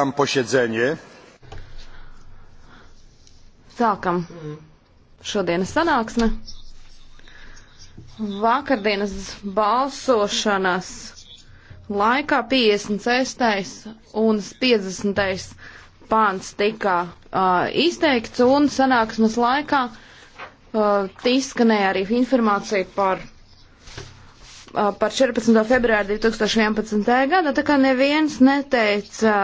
Otwieram posiedzenie. Sākam šodienas sanāksme. Vakardienas balsošanas laikā 56. un 50. pāns tika uh, izteikts un sanāksmes laikā uh, izskanēja arī informācija par par 14. februāru 2011. gada, tā kā neviens neteica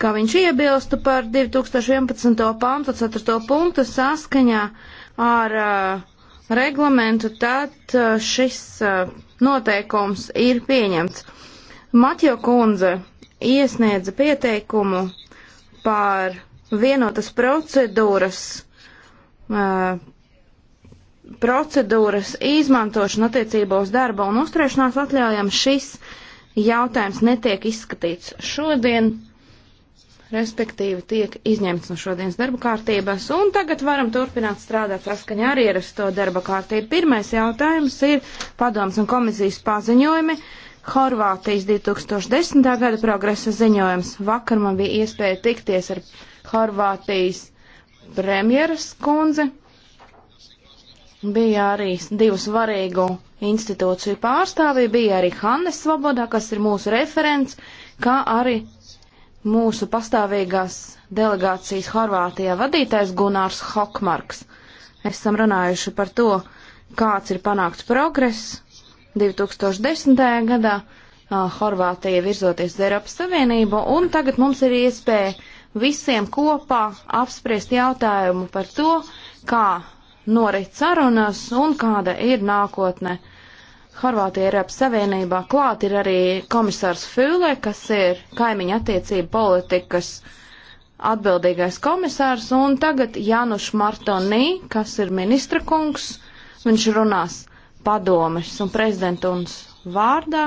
ka viņš iebilstu par 2011. pantu 4. punktu saskaņā ar uh, reglamentu, tad uh, šis uh, noteikums ir pieņemts. Matjo kundze iesniedza pieteikumu par vienotas procedūras, uh, procedūras izmantošanu attiecībā uz darba un uzturēšanās atļaujam. Šis jautājums netiek izskatīts šodien respektīvi tiek izņemts no šodienas darba kārtības, un tagad varam turpināt strādāt saskaņā ar ierasto darba kārtību. Pirmais jautājums ir padoms un komisijas paziņojumi. Horvātijas 2010. gada progresa ziņojums. Vakar man bija iespēja tikties ar Horvātijas premjeras kundzi. Bija arī divu svarīgu institūciju pārstāvji, bija arī Hannes Svoboda, kas ir mūsu referents, kā arī mūsu pastāvīgās delegācijas Horvātijā vadītais Gunārs Hokmarks. Esam runājuši par to, kāds ir panākts progress 2010. gadā. Uh, Horvātija virzoties uz Eiropas Savienību, un tagad mums ir iespēja visiem kopā apspriest jautājumu par to, kā norit sarunas un kāda ir nākotne uh, Horvātija Eiropas Savienībā. Klāt ir arī komisārs Fūle, kas ir kaimiņa attiecība politikas atbildīgais komisārs, un tagad Januš Martonī, kas ir ministra kungs, viņš runās padomes un prezidentūras vārdā.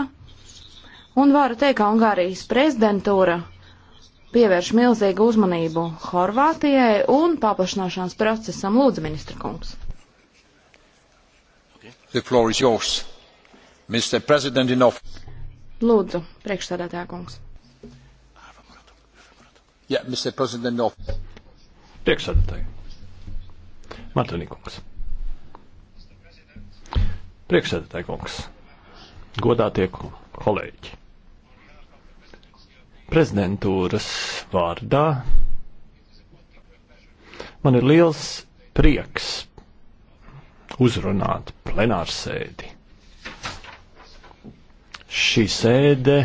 Un varu teikt, ka Ungārijas prezidentūra pievērš milzīgu uzmanību Horvātijai un paplašināšanās procesam. Lūdzu, ministra kungs. Okay. The floor is yours. Lūdzu, priekšstādātāja kungs. Jā, yeah, Mr. President of. Priekšsēdētāji. Matanī kungs. Priekšsēdētāji kungs. Godātie kolēģi. Prezidentūras vārdā man ir liels prieks uzrunāt plenārsēdi šī sēde